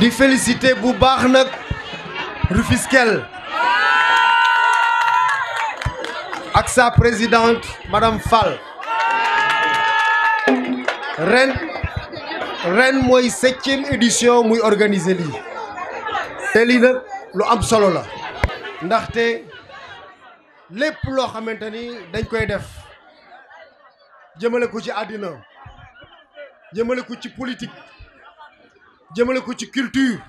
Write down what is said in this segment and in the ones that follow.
Je féliciter bu baax nag Rufisquel sa présidente madame Fall ren ren septième édition muy organiser lii te lii nag lu am solo la ndaxte lépp loo xamante ni dañ koy def jëmale ko politique jëmale ko ci culture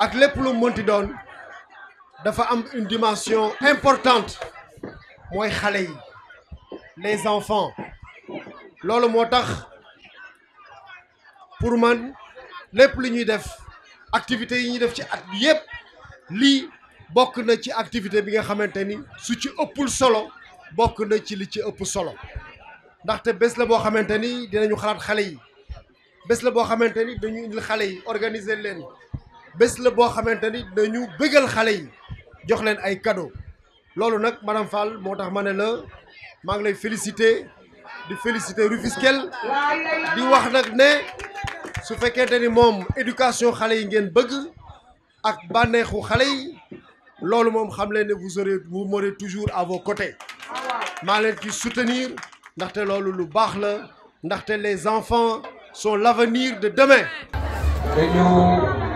ak lépp lu mënti doon dafa am une dimension importante mooy xale yi les enfants loolu moo tax pour man lépp li ñuy def activité yi ñuy def ci at bi yépp lii bokk na ci activité bi nga xamante ni su ci ëppul solo bokk na ci li ci ëpp solo ndaxte bés la boo xamante ni dinañu xalaat xale yi bes la bo xamanteni dañu indil yi organiser len bes la bo xamanteni dañu bëggal xalé yi jox len ay cadeaux lolu nak madame Fall motax mané le la ngi lay féliciter di féliciter Rufisquel di wax nak ne su fekkente ni mom éducation xalé yi ngeen bëgg ak banéxu xalé yi lolu mom xam ne vous aurez vous mourrez toujours à vos côtés maa leen ci soutenir ndaxte lolu lu bax la ndaxte les enfants sont l'avenir de demain. dañu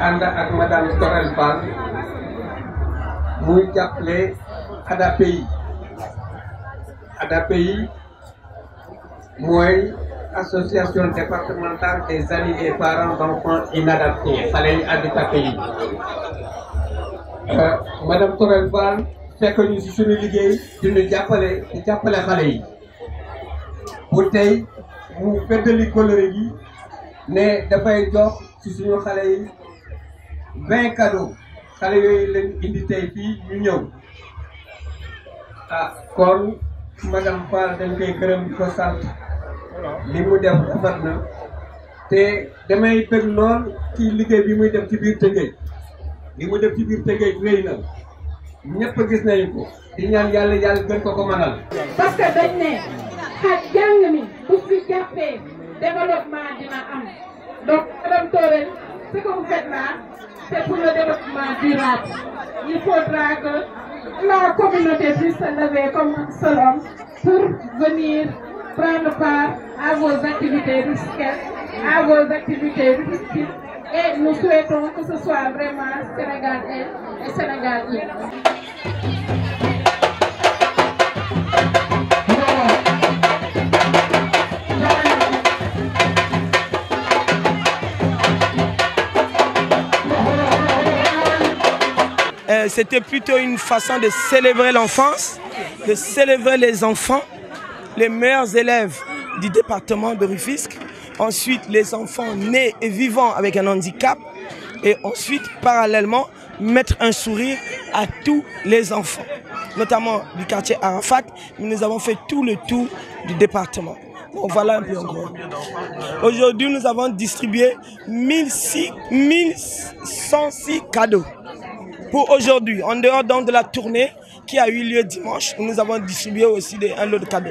ànd ak madame Corel Fall muy jàppale ADAPEI nous mooy association départementale des amis et parents d'enfants inadaptés xale yi handicapé yi euh, madame Corel Fall fekk ñu si suñu liggéey dina jàppale di jàppale xale yi bu tey mu feddali colère yi ne dafay jox ci suñu xale yi vingt xale yooyu lañ indi tey fii ñu ñëw ah kon madame Fall dañ koy di ko sant li mu def rafet na te damay bëgg lool ci liggéey bi muy dem ci biir Tëngéej li mu def ci biir Tëngéej rëy na ñëpp gis nañu ko di ñaan yàlla yàlla gën ko ko mënal parce dañ ne développement dina am donc madame Toren ce que vous faites là c'est pour le développement durable il faudra que la communauté puisse se comme un seul homme pour venir prendre part à vos activités risquées à vos activités risquées et nous souhaitons que ce soit vraiment sénégalais et sénégalais Euh, c'était plutôt une façon de célébrer l'enfance, de célébrer les enfants, les meilleurs élèves du département de Rufisque. Ensuite, les enfants nés et vivants avec un handicap. Et ensuite, parallèlement, mettre un sourire à tous les enfants, notamment du quartier Arafat. Nous avons fait tout le tour du département. voilà un peu en gros. Aujourd'hui, nous avons distribué 1106 cadeaux. Pour aujourd'hui, en dehors de la tournée qui a eu lieu dimanche, nous avons distribué aussi un lot de cadeaux.